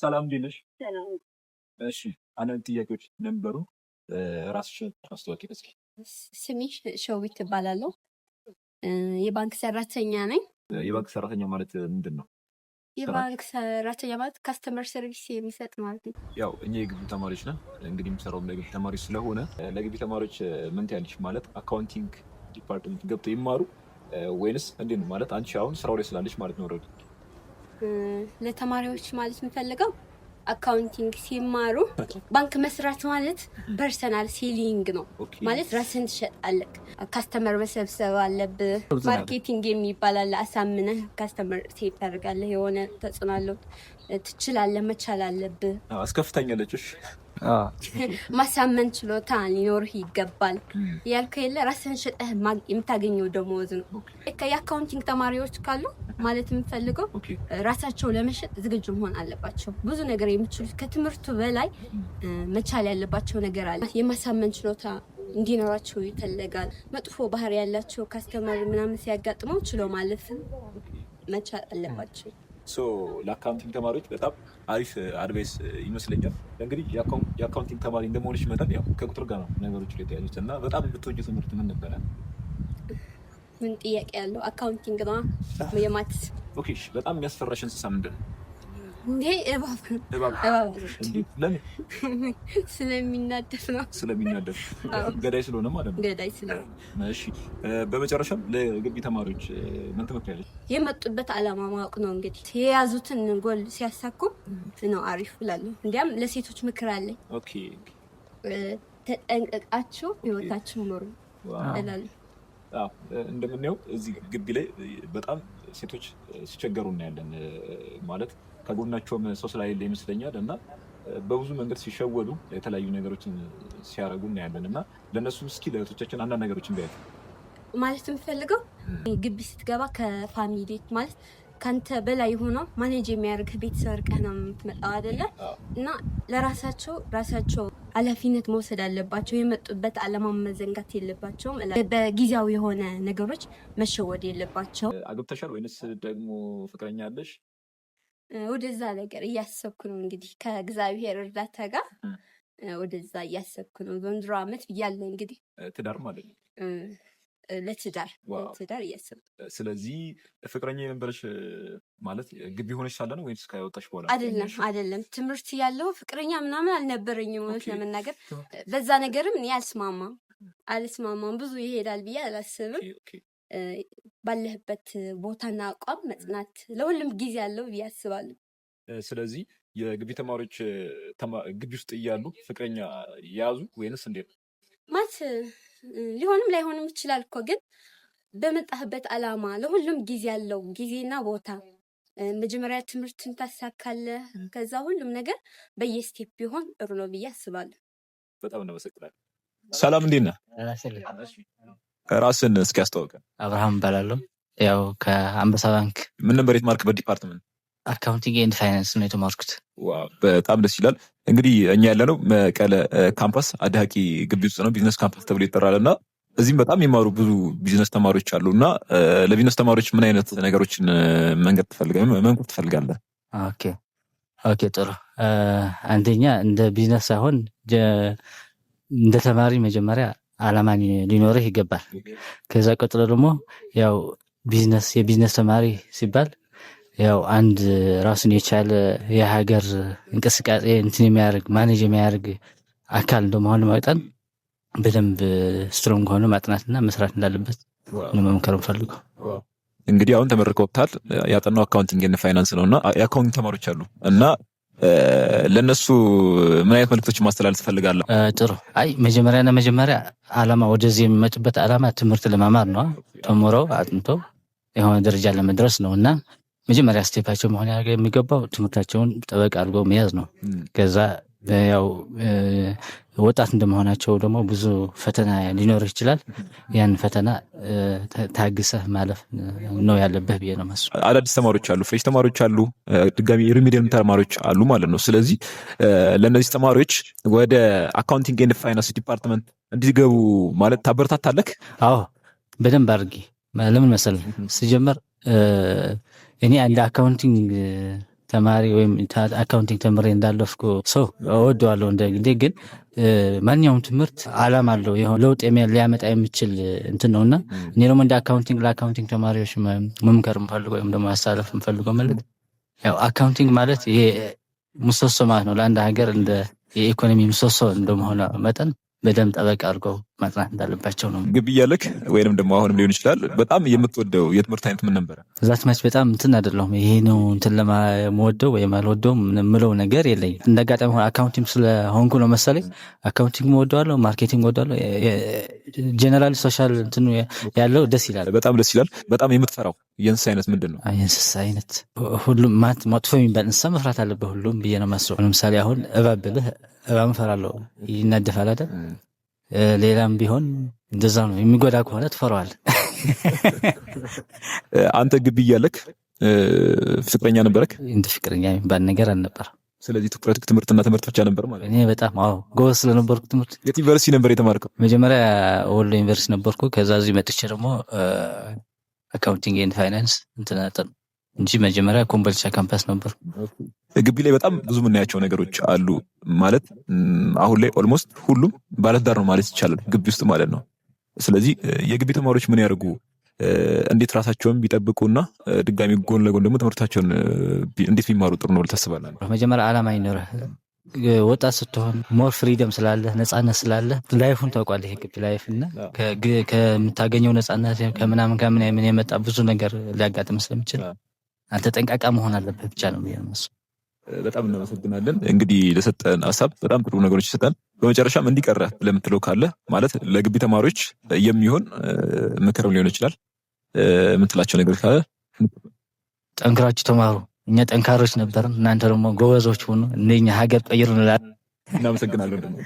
ሰላም እንዴት ነሽ? እሺ አንዳንድ ጥያቄዎች ነበሩ። ራስሽ አስተዋቂ እስኪ። ስሜ ሸዊት ትባላለሁ የባንክ ሰራተኛ ነኝ። የባንክ ሰራተኛ ማለት ምንድን ነው? የባንክ ሰራተኛ ማለት ካስተመር ሰርቪስ የሚሰጥ ማለት ነው። ያው እኛ የግቢ ተማሪዎች ነን። እንግዲህ የምሰራውም ለግቢ ተማሪዎች ስለሆነ ለግቢ ተማሪዎች ምን ትያለሽ? ማለት አካውንቲንግ ዲፓርትመንት ገብተው ይማሩ ወይንስ እንዴት ነው? ማለት አንቺ አሁን ስራው ላይ ስላለሽ ማለት ነው። ለተማሪዎች ማለት የምፈልገው አካውንቲንግ ሲማሩ ባንክ መስራት ማለት ፐርሰናል ሴሊንግ ነው ማለት ራስህን ትሸጣለህ። ካስተመር መሰብሰብ አለብህ። ማርኬቲንግ የሚባል አለ። አሳምነህ ካስተመር ሴት ታደርጋለህ። የሆነ ተጽዕኖ አለው። ትችላለህ፣ መቻል አለብህ። አስከፍታኛለች። ማሳመን ችሎታ ሊኖርህ ይገባል ያልከ የለ ራስህን ሸጠህ የምታገኘው ደሞዝ ነው። የአካውንቲንግ ተማሪዎች ካሉ ማለት የምፈልገው ራሳቸው ለመሸጥ ዝግጁ መሆን አለባቸው። ብዙ ነገር የሚችሉት ከትምህርቱ በላይ መቻል ያለባቸው ነገር አለ። የማሳመን ችሎታ እንዲኖራቸው ይፈለጋል። መጥፎ ባህሪ ያላቸው ካስተመር ምናምን ሲያጋጥመው ችሎ ማለት መቻል አለባቸው። ለአካውንቲንግ ተማሪዎች በጣም አሪፍ አድቬስ ይመስለኛል። እንግዲህ የአካውንቲንግ ተማሪ እንደመሆንሽ መጠን ያው ከቁጥር ጋር ነው ነገሮች ላይ የተያዙት እና በጣም ብትወጁ ትምህርት ምን ነበረ? ምን ጥያቄ ያለው አካውንቲንግ ነው የማትስ። ኦኬ፣ በጣም የሚያስፈራሽ እንስሳ ምንድን ነው? እንዴ እባብ እባብ ስለሚናደፍ ነው። ስለሚናደፍ ገዳይ ስለሆነ ማለት ነው። ገዳይ ስለሆነ። እሺ፣ በመጨረሻም ለግቢ ተማሪዎች ምን ትመክሪያለሽ? የመጡበት አላማ ማወቅ ነው። እንግዲህ የያዙትን ጎል ሲያሳኩ ነው አሪፍ ብላለሁ። እንዲያም ለሴቶች ምክር አለ። ኦኬ፣ ተጠንቀቃችሁ ህይወታችሁ ኖሩ እላለሁ። እንደምናየው እዚህ ግቢ ላይ በጣም ሴቶች ሲቸገሩ እናያለን ማለት ከጎናቸውም ሰው ስለሌለ ይመስለኛል እና በብዙ መንገድ ሲሸወዱ የተለያዩ ነገሮችን ሲያደርጉ እናያለን እና ለእነሱም እስኪ ለእህቶቻችን አንዳንድ ነገሮችን ቢያል ማለት የምፈልገው ግቢ ስትገባ ከፋሚሊ ማለት ከአንተ በላይ ሆኖ ማኔጅ የሚያደርግህ ቤተሰብ እርቀህ ነው የምትመጣው አይደለ? እና ለራሳቸው ራሳቸው ኃላፊነት መውሰድ አለባቸው። የመጡበት አለማ መዘንጋት የለባቸውም። በጊዜያዊ የሆነ ነገሮች መሸወድ የለባቸው። አግብተሻል ወይንስ ደግሞ ፍቅረኛ አለሽ? ወደዛ ነገር እያሰብኩ ነው። እንግዲህ ከእግዚአብሔር እርዳታ ጋር ወደዛ እያሰብኩ ነው። በምድሮ ዓመት ብያለሁ። እንግዲህ ትዳር ማለት ነው ለትዳር ትዳር እያሰብኩ ስለዚህ ፍቅረኛ የነበረች ማለት ግቢ ሆነች ሳለ ነው ወይስ ከወጣች በኋላ? አይደለም አይደለም፣ ትምህርት ያለው ፍቅረኛ ምናምን አልነበረኝም። እውነት ለመናገር በዛ ነገርም እኔ አልስማማም አልስማማም ብዙ ይሄዳል ብዬ አላስብም። ባለህበት ቦታና አቋም መጽናት ለሁሉም ጊዜ አለው ብዬ አስባለሁ። ስለዚህ የግቢ ተማሪዎች ግቢ ውስጥ እያሉ ፍቅረኛ የያዙ ወይንስ እንዴት ነው? ማለት ሊሆንም ላይሆንም ይችላል እኮ ግን በመጣህበት አላማ ለሁሉም ጊዜ ያለው ጊዜና ቦታ መጀመሪያ ትምህርትን ታሳካለህ። ከዛ ሁሉም ነገር በየስቴፕ ቢሆን ጥሩ ነው ብዬ አስባለሁ። በጣም እናመሰግናለን። ሰላም እንዴት ነህ? ራስን እስኪያስተዋውቀን። አብርሃም እባላለሁ። ያው ከአንበሳ ባንክ። ምን ነበር የተማርክ? በዲፓርትመንት አካውንቲንግ ኤንድ ፋይናንስ ነው የተማርኩት። በጣም ደስ ይላል። እንግዲህ እኛ ያለነው መቀለ ካምፓስ አድሃቂ ግቢ ውስጥ ነው፣ ቢዝነስ ካምፓስ ተብሎ ይጠራል እና እዚህም በጣም የሚማሩ ብዙ ቢዝነስ ተማሪዎች አሉ እና ለቢዝነስ ተማሪዎች ምን አይነት ነገሮችን መንገድ ትፈልጋለህ? መንቁር ትፈልጋለህ? ኦኬ ጥሩ። አንደኛ እንደ ቢዝነስ ሳይሆን እንደ ተማሪ መጀመሪያ አላማ ሊኖርህ ይገባል። ከዛ ቀጥሎ ደግሞ ያው ቢዝነስ የቢዝነስ ተማሪ ሲባል ያው አንድ ራሱን የቻለ የሀገር እንቅስቃሴ እንትን የሚያደርግ ማኔጅ የሚያደርግ አካል እንደመሆኑ መጠን በደንብ ስትሮንግ ሆኖ ማጥናትና መስራት እንዳለበት መምከር ፈልገው። እንግዲህ አሁን ተመርቀውታል። ያጠናው አካውንቲንግ ፋይናንስ ነው እና የአካውንቲንግ ተማሪዎች አሉ እና ለእነሱ ምን አይነት መልክቶች ማስተላለፍ ትፈልጋለሁ? ጥሩ። አይ መጀመሪያና መጀመሪያ አላማ ወደዚህ የሚመጡበት አላማ ትምህርት ለመማር ነው። ተምሮ አጥንቶ የሆነ ደረጃ ለመድረስ ነው እና መጀመሪያ ስቴፓቸው መሆን የሚገባው ትምህርታቸውን ጠበቅ አድርጎ መያዝ ነው። ከዛ ያው ወጣት እንደመሆናቸው ደግሞ ብዙ ፈተና ሊኖር ይችላል። ያን ፈተና ታግሰህ ማለፍ ነው ያለበት ብዬ ነው መስ አዳዲስ ተማሪዎች አሉ፣ ፍሬሽ ተማሪዎች አሉ፣ ድጋሚ ሪሚዲየም ተማሪዎች አሉ ማለት ነው። ስለዚህ ለእነዚህ ተማሪዎች ወደ አካውንቲንግ ኤንድ ፋይናንስ ዲፓርትመንት እንዲገቡ ማለት ታበረታታለህ? አዎ በደንብ አድርጌ። ለምን መሰል ስጀመር እኔ አንድ አካውንቲንግ ተማሪ ወይም አካውንቲንግ ተምሬ እንዳለፍኩ ሰው እወደዋለሁ እንደ ግን ማንኛውም ትምህርት አላማ አለው ለውጥ ሊያመጣ የሚችል እንትን ነው እና እኔ ደግሞ እንደ አካውንቲንግ ለአካውንቲንግ ተማሪዎች መምከር ምፈልገ ወይም ደግሞ ማሳለፍ ምፈልገው መልዕክት ያው አካውንቲንግ ማለት ይሄ ምሰሶ ማለት ነው። ለአንድ ሀገር እንደ የኢኮኖሚ ምሰሶ እንደመሆነ መጠን በደንብ ጠበቅ አድርገው ማጽናት እንዳለባቸው ነው። ግቢ እያለክ ወይንም ደግሞ አሁንም ሊሆን ይችላል በጣም የምትወደው የትምህርት አይነት ምን ነበረ? እዛ ትምህርት በጣም እንትን አይደለሁም ይሄ ነው እንትን ለመወደው ወይም አልወደው ምለው ነገር የለኝም። እንደ አጋጣሚ ሆነ አካውንቲንግ ስለሆንኩ ነው መሰለኝ። አካውንቲንግ ወደዋለሁ፣ ማርኬቲንግ ወደዋለሁ። ጀነራል ሶሻል እንትኑ ያለው ደስ ይላል፣ በጣም ደስ ይላል። በጣም የምትፈራው የእንስሳ አይነት ምንድን ነው? የእንስሳ አይነት ሁሉም ማት መጥፎ የሚባል እንስሳ መፍራት አለበት ሁሉም ብዬ ነው ማስበው። ለምሳሌ አሁን እባብ ብልህ እባብ እፈራለሁ፣ ይነድፋል አይደል? ሌላም ቢሆን እንደዛ ነው። የሚጎዳ ከሆነ ትፈረዋል። አንተ ግቢ እያለክ ፍቅረኛ ነበረክ? እንደ ፍቅረኛ የሚባል ነገር አልነበር። ስለዚህ ትኩረት ትምህርትና ትምህርት ብቻ ነበር ማለት እኔ በጣም አዎ ጎበዝ ስለነበርኩ ትምህርት። የት ዩኒቨርሲቲ ነበር የተማርከው? መጀመሪያ ወሎ ዩኒቨርሲቲ ነበርኩ። ከዛ እዚህ መጥቼ ደግሞ አካውንቲንግ ኤንድ ፋይናንስ እንትን እንጂ መጀመሪያ ኮምቦልቻ ካምፓስ ነበር። ግቢ ላይ በጣም ብዙ የምናያቸው ነገሮች አሉ። ማለት አሁን ላይ ኦልሞስት ሁሉም ባለትዳር ነው ማለት ይቻላል ግቢ ውስጥ ማለት ነው። ስለዚህ የግቢ ተማሪዎች ምን ያደርጉ፣ እንዴት ራሳቸውን ቢጠብቁና ድጋሚ ጎን ለጎን ደግሞ ትምህርታቸውን እንዴት ቢማሩ ጥሩ ነው ታስባለህ? መጀመሪያ ዓላማ ይኖረህ ወጣት ስትሆን ሞር ፍሪደም ስላለ ነጻነት ስላለ ላይፉን ይሄ ግቢ ላይፍ እና ከምታገኘው ነጻነት ከምናምን ከምን የመጣ ብዙ ነገር ሊያጋጥም ስለምችል አንተ ጠንቃቃ መሆን አለበት ብቻ ነው ያመስ በጣም እናመሰግናለን። እንግዲህ ለሰጠን ሀሳብ በጣም ጥሩ ነገሮች ይሰጠን። በመጨረሻም እንዲቀረ ለምትለው ካለ ማለት ለግቢ ተማሪዎች የሚሆን ምክርም ሊሆን ይችላል የምትላቸው ነገር ካለ። ጠንክራችሁ ተማሩ። እኛ ጠንካሮች ነበርን፣ እናንተ ደግሞ ጎበዞች ሆኑ። እንደኛ ሀገር ቀይሩ እንላለን። እናመሰግናለን።